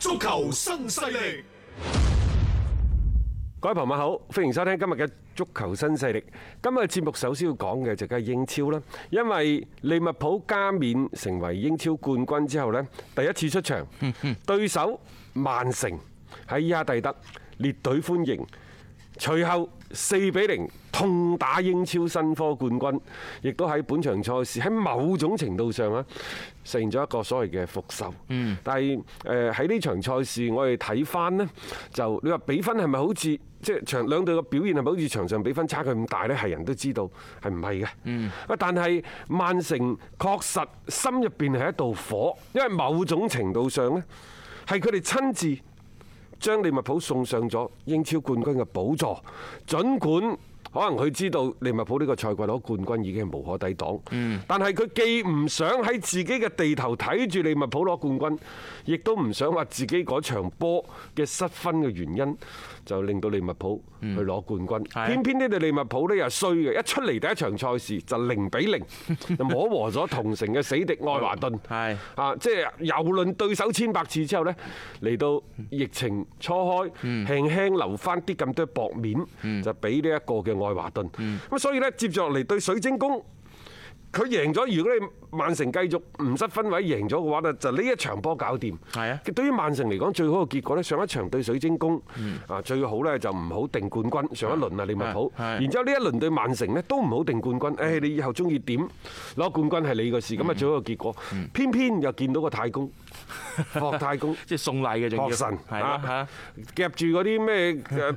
足球新勢力，各位朋友好，歡迎收聽今日嘅足球新勢力。今日節目首先要講嘅就係英超啦，因為利物浦加冕成為英超冠軍之後呢，第一次出場，對手曼城喺伊蒂哈德列隊歡迎，隨後四比零痛打英超新科冠軍，亦都喺本場賽事喺某種程度上啊。成咗一個所謂嘅復仇，但係誒喺呢場賽事，我哋睇返呢，就你話比分係咪好似即係場兩隊嘅表現係咪好似場上比分差距咁大呢？係人都知道係唔係嘅，啊！但係曼城確實心入面係一道火，因為某種程度上呢，係佢哋親自將利物浦送上咗英超冠軍嘅寶座，儘管，可能佢知道利物浦呢個賽季攞冠軍已經係無可抵擋，但係佢既唔想喺自己嘅地頭睇住利物浦攞冠軍，亦都唔想話自己嗰場波嘅失分嘅原因就令到利物浦去攞冠軍。偏偏呢度利物浦咧又衰嘅，一出嚟第一場賽事就零比零就摸和咗同城嘅死敵愛華頓，啊即係游論對手千百次之後咧，嚟到疫情初開，輕輕留返啲咁多薄面就俾呢一個嘅。愛華頓，咁、嗯、所以咧，接著落嚟對水晶宮。佢贏咗，如果你曼城繼續唔失分位贏咗嘅話咧，就呢一場波搞掂。係啊，對於曼城嚟講最好嘅結果咧，上一場對水晶宮啊，最好咧就唔好定冠軍。上一輪啊，利物浦，然之後呢一輪對曼城咧都唔好定冠軍。誒，你以後中意點攞冠軍係你嘅事。咁啊，最好嘅結果，偏偏又見到個太公，霍太公，即係送禮嘅仲要神嚇，夾住嗰啲咩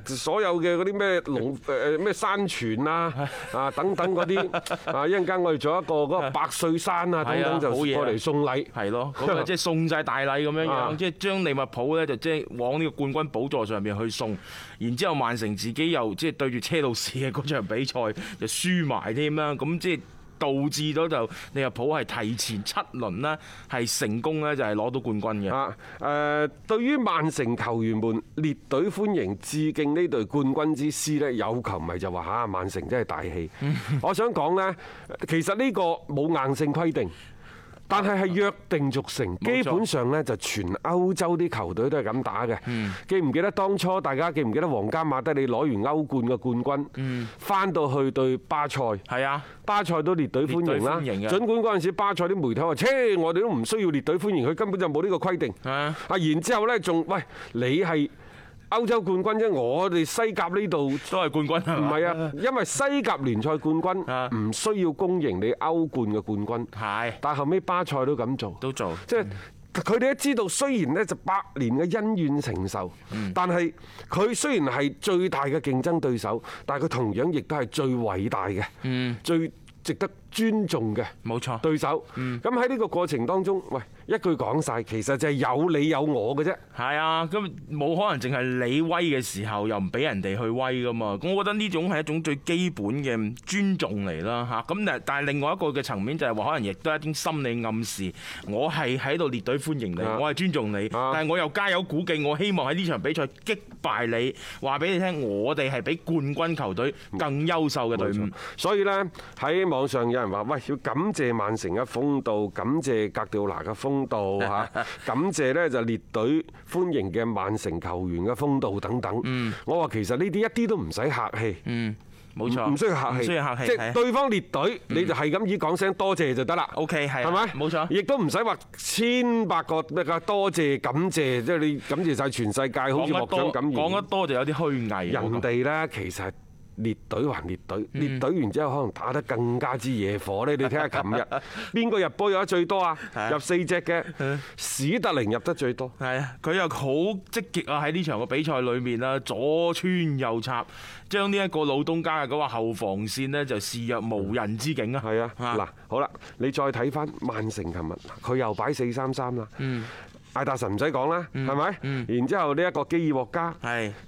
誒，所有嘅嗰啲咩龍誒誒咩山泉啊啊等等嗰啲啊，一陣間我哋做一個嗰百歲山啊對，等等就睇下過嚟送禮，係咯，即係送晒大禮咁樣樣，即係將利物浦咧就即係往呢個冠軍寶座上邊去送，然之後曼城自己又即係對住車路士嘅嗰場比賽就輸埋添啦，咁即係。導致咗就利物浦係提前七輪啦，係成功呢，就係攞到冠軍嘅。啊，誒，對於曼城球員們列隊歡迎致敬呢隊冠軍之師呢，有球迷就話，嚇，曼城真係大氣。 我想講呢，其實呢個冇硬性規定。但係係約定俗成，沒錯 基本上呢就全歐洲啲球隊都係咁打嘅。嗯、記唔記得當初大家記唔記得皇家馬德里攞完歐冠嘅冠軍，翻到、嗯、去對巴塞，係是啊，巴塞都列隊歡迎啦。迎儘管嗰陣時巴塞啲媒體話，切，我哋都唔需要列隊歡迎，佢根本就冇呢個規定。是啊，然，然之後呢，仲喂，你係。歐洲冠軍啫，我哋西甲呢度都係冠軍。唔係啊，因為西甲聯賽冠軍唔需要恭迎你歐冠嘅冠軍。係，但後尾巴塞都咁做，都做。即係佢哋都知道，雖然呢就百年嘅恩怨情仇，但係佢雖然係最大嘅競爭對手，但係佢同樣亦都係最偉大嘅，最值得尊重嘅錯，冇錯對手。嗯，咁喺呢個過程當中，喂，一句講晒，其實就係有你有我嘅啫。係啊，咁冇可能淨係你威嘅時候又唔俾人哋去威噶嘛。咁我覺得呢種係一種最基本嘅尊重嚟啦，吓，咁但係另外一個嘅層面就係、是、話可能亦都係一啲心理暗示，我係喺度列隊歡迎你，我係尊重你，啊、但係我又加油鼓勁，我希望喺呢場比賽擊敗你。話俾你聽，我哋係比冠軍球隊更優秀嘅隊伍。所以咧，喺網上嘅。人話：喂，要感謝曼城嘅風度，感謝哥迪奧拿嘅風度嚇，感謝呢就列隊歡迎嘅曼城球員嘅風度等等。我話其實呢啲一啲都唔使客氣。嗯，冇錯，唔需要客氣，唔需要客氣。即係對方列隊，你就係咁意講聲多謝就得啦。OK，係，係咪？冇錯。亦都唔使話千百個咩啊，多謝感謝，即係你感謝曬全世界，好似莫想咁講得多就有啲虛偽。人哋呢其實。列隊還列隊，列隊完之後可能打得更加之惹火咧。你睇下，琴日邊個入波入得最多啊？入四隻嘅史特靈入得最多。係啊，佢又好積極啊！喺呢場嘅比賽裡面啊，左穿右插，將呢一個老東家嘅嗰個後防線呢就視若無人之境啊！係啊，嗱，好啦，你再睇返曼城，琴日佢又擺四三三啦。艾達臣唔使講啦，係咪？然之後呢一個基爾獲加，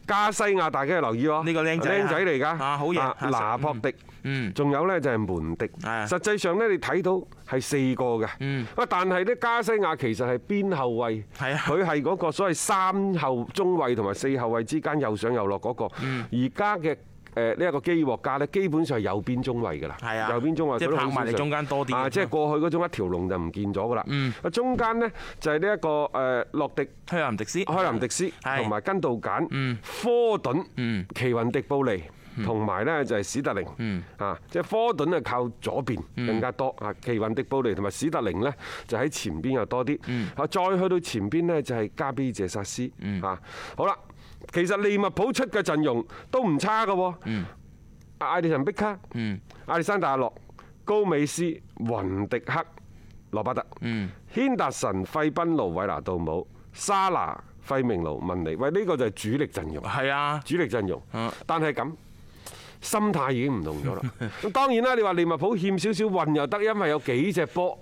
加西亞大家要留意喎。呢個靚仔，靚仔嚟㗎。啊，好嘢！拿破迪，仲有呢就係門迪。實際上咧，你睇到係四個嘅。喂，但係呢加西亞其實係邊後衞，佢係嗰個所謂三後中衞同埋四後衞之間又上又落嗰個。而家嘅。誒呢一個基獲價咧，基本上係右邊中位噶啦，右邊中位即係跑埋嚟中間多啲啊！即係過去嗰種一條龍就唔見咗噶啦。中間呢，就係呢一個誒，洛迪、開林迪斯、開林迪斯，同埋根道簡、科頓、奇雲迪布利，同埋呢，就係史特靈。啊，即係科頓啊靠左邊更加多啊，奇雲迪布利同埋史特靈呢，就喺前邊又多啲。啊，再去到前邊呢，就係加比謝薩斯。嗯，好啦。.其實利物浦出嘅陣容都唔差噶，阿艾迪臣、碧卡、阿利山大阿洛、高美斯、雲迪克、羅伯特、軒達神、費賓奴、韋拿杜姆、莎拿、費明奴，文尼。喂呢個就係主力陣容，係啊，主力陣容，但係咁心態已經唔同咗啦。咁當然啦，你話利物浦欠少少運又得，因為有幾隻波。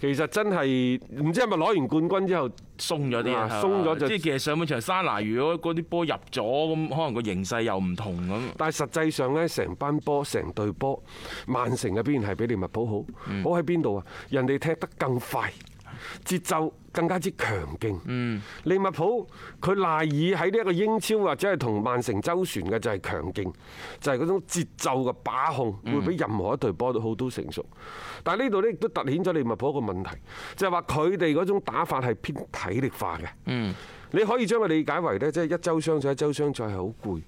其實真係唔知係咪攞完冠軍之後鬆咗啲啊，鬆咗了吧，就即係其實上半場沙拿，如果嗰啲波入咗，咁可能個形勢又唔同咁。但係實際上咧，班成班波、成隊波，曼城入邊係比利物浦好。好喺邊度啊？人哋踢得更快。節奏更加之強勁。嗯、利物浦佢賴以喺呢一個英超或者係同曼城周旋嘅就係強勁，就係、是、嗰種節奏嘅把控會比任何一隊波都好都成熟。嗯、但係呢度呢，亦都凸顯咗利物浦一個問題，就係話佢哋嗰種打法係偏體力化嘅。嗯、你可以將佢理解為呢，即係一週雙賽，一週雙賽係好攰。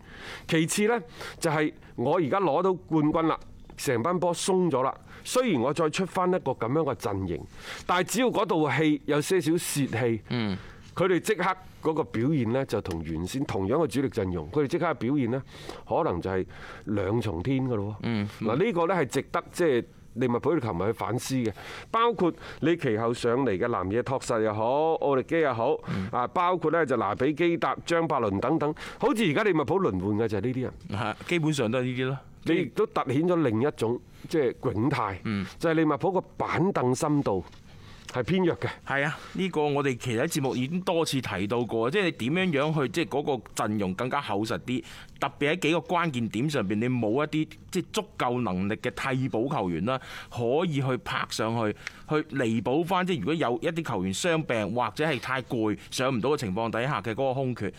其次呢，就係、是、我而家攞到冠軍啦。成班波鬆咗啦，雖然我再出翻一個咁樣嘅陣型，但係只要嗰度氣有些少洩氣，佢哋即刻嗰個表現呢，就同原先同樣嘅主力陣容，佢哋即刻嘅表現呢，可能就係兩重天㗎囉。嗱，呢個呢係值得即係、就是利物浦你琴日去反思嘅，包括你其後上嚟嘅南野拓實又好，奧利基又好，啊，包括咧就拿比基達、張伯倫等等，好似而家利物浦輪換嘅就係呢啲人，係基本上都係呢啲咯。你亦都突顯咗另一種即係窘態，嗯、就係利物浦個板凳深度。係偏弱嘅，係啊！呢個我哋其實喺節目已經多次提到過，即係你點樣樣去，即係嗰個陣容更加厚實啲。特別喺幾個關鍵點上邊，你冇一啲即係足夠能力嘅替補球員啦，可以去拍上去去彌補翻。即係如果有一啲球員傷病或者係太攰上唔到嘅情況底下嘅嗰個空缺，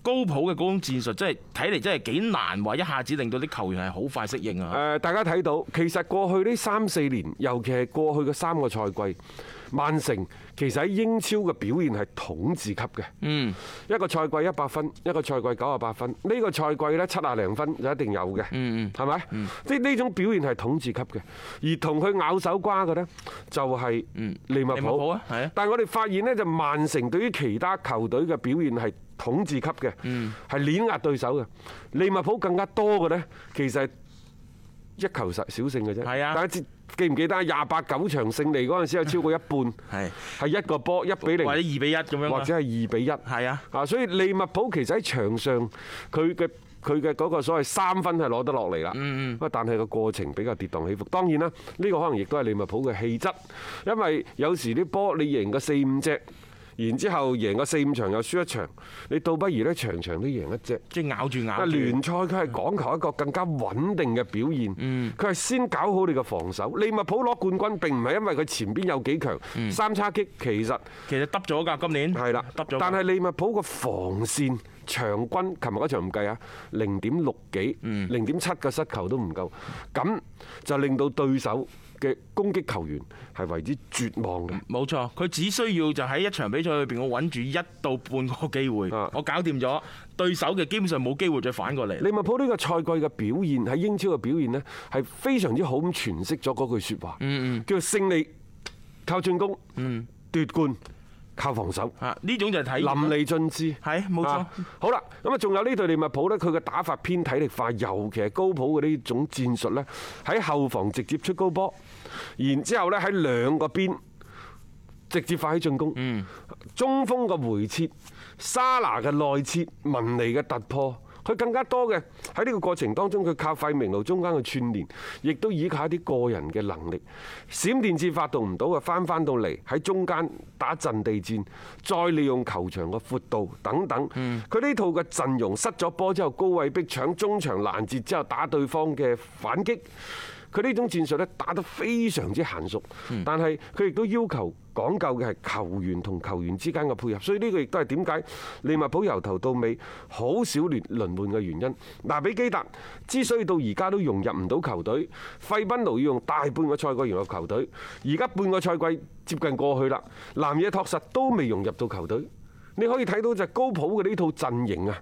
高普嘅嗰種戰術，即係睇嚟真係幾難，話一下子令到啲球員係好快適應啊！誒、呃，大家睇到其實過去呢三四年，尤其係過去嘅三個賽季。曼城其實喺英超嘅表現係統治級嘅，一個賽季一百分，一個賽季九十八分，呢個賽季咧七十零分就一定有嘅，係咪？即係呢種表現係統治級嘅，而同佢咬手瓜嘅咧就係利物浦，但係我哋發現咧就曼城對於其他球隊嘅表現係統治級嘅，係碾壓對手嘅。利物浦更加多嘅咧，其實一球實小勝嘅啫，但係。記唔記得廿八九場勝利嗰陣時，有超過一半係一個波一比零，或者二比一咁樣，或者係二比一。係啊，啊，所以利物浦其實喺場上佢嘅佢嘅嗰個所謂三分係攞得落嚟啦。嗯嗯。但係個過程比較跌宕起伏。當然啦，呢個可能亦都係利物浦嘅氣質，因為有時啲波你贏個四五隻。然之後贏個四五場又輸一場，你倒不如呢場場都贏一隻。即係咬住咬住。聯賽佢係講求一個更加穩定嘅表現。佢係、嗯、先搞好你嘅防守。利物浦攞冠軍並唔係因為佢前邊有幾強。三叉戟其實其實耷咗㗎，今年。係啦，耷咗。但係利物浦嘅防線場均，琴日嗰場唔計啊，零點六幾，零點七嘅失球都唔夠，咁就令到對手。嘅攻擊球員係為之絕望嘅。冇錯，佢只需要就喺一場比賽裏邊，我揾住一到半個機會，啊、我搞掂咗對手嘅，基本上冇機會再反過嚟。利物浦呢個賽季嘅表現喺英超嘅表現呢，係非常之好，咁詮釋咗嗰句説話，嗯嗯，叫做勝利靠進攻，嗯，奪冠，嗯靠防守，呢種就係睇淋漓盡致，係冇錯。好啦，咁啊，仲有呢隊利物浦呢，佢嘅打法偏體力化，尤其係高普嘅呢種戰術呢，喺後防直接出高波，然之後呢喺兩個邊直接快起進攻，中鋒嘅回撤，沙拿嘅內切，文尼嘅突破。佢更加多嘅喺呢個過程當中，佢靠費明路中間嘅串連，亦都依靠一啲個人嘅能力。閃電戰發動唔到啊，翻翻到嚟喺中間打陣地戰，再利用球場嘅闊度等等。佢呢套嘅陣容失咗波之後，高位逼搶，中場攔截之後，打對方嘅反擊。佢呢種戰術咧打得非常之嫺熟，但係佢亦都要求講究嘅係球員同球員之間嘅配合，所以呢個亦都係點解利物浦由頭到尾好少聯輪換嘅原因。嗱，比基達之所以到而家都融入唔到球隊，費賓奴要用大半個賽季融入球隊，而家半個賽季接近過去啦，南野拓實都未融入到球隊。你可以睇到就高普嘅呢套陣型啊，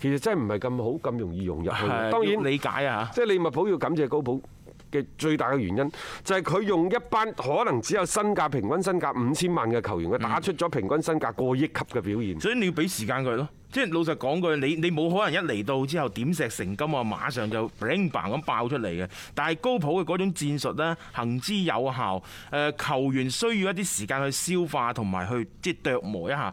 其實真係唔係咁好咁容易融入去。當然理解啊，即係利物浦要感謝高普。嘅最大嘅原因就係、是，佢用一班可能只有身價平均身價五千萬嘅球員，佢打出咗平均身價過億級嘅表現，嗯。所以你要俾時間佢咯，即係老實講句，你你冇可能一嚟到之後點石成金啊，馬上就 bang bang 咁爆出嚟嘅。但係高普嘅嗰種戰術咧，行之有效。誒，球員需要一啲時間去消化同埋去即係琢磨一下。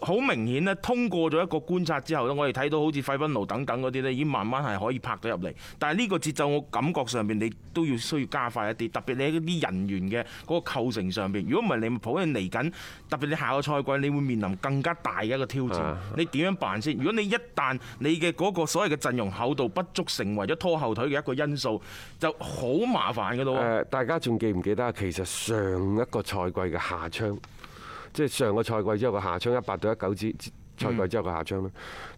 好明顯咧，通過咗一個觀察之後咧，我哋睇到好似費賓奴等等嗰啲咧，已經慢慢係可以拍咗入嚟。但係呢個節奏，我感覺上邊你都要需要加快一啲，特別你喺啲人員嘅嗰個構成上邊。如果唔係，利物浦因為嚟緊，特別你下個賽季，你會面臨更加大嘅一個挑戰。啊、你點樣辦先？如果你一旦你嘅嗰個所謂嘅陣容厚度不足，成為咗拖後腿嘅一個因素，就好麻煩㗎咯、呃。大家仲記唔記得其實上一個賽季嘅夏窗？即係上個賽季之後嘅夏窗一八到一九支賽季之後嘅夏窗啦。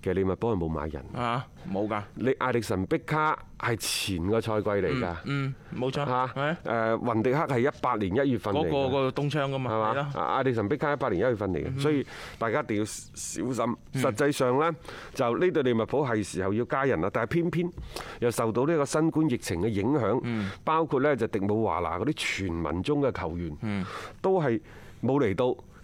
其實利物浦係冇買人啊，冇㗎。你艾力神碧卡係前個賽季嚟㗎。嗯，冇錯。嚇，誒雲迪克係一八年一月份嚟。嗰個個冬窗㗎嘛？係嘛？阿艾力神碧卡一八年一月份嚟嘅，所以大家一定要小心。實際上咧，就呢隊利物浦係時候要加人啦，但係偏偏又受到呢個新冠疫情嘅影響，包括咧就迪姆華拿嗰啲傳聞中嘅球員都係冇嚟到。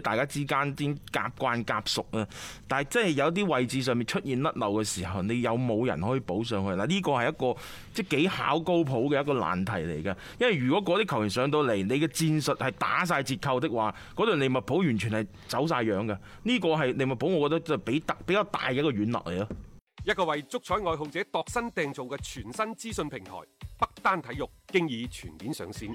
大家之間先夾慣夾熟啊，但係真係有啲位置上面出現甩漏嘅時候，你有冇人可以補上去嗱？呢個係一個即係幾考高普嘅一個難題嚟嘅。因為如果嗰啲球員上到嚟，你嘅戰術係打晒折扣的話，嗰隊利物浦完全係走晒樣嘅。呢個係利物浦，我覺得就比比較大嘅一個軟肋嚟咯。一個為足彩愛好者度身訂造嘅全新資訊平台——北單體育，經已全面上線。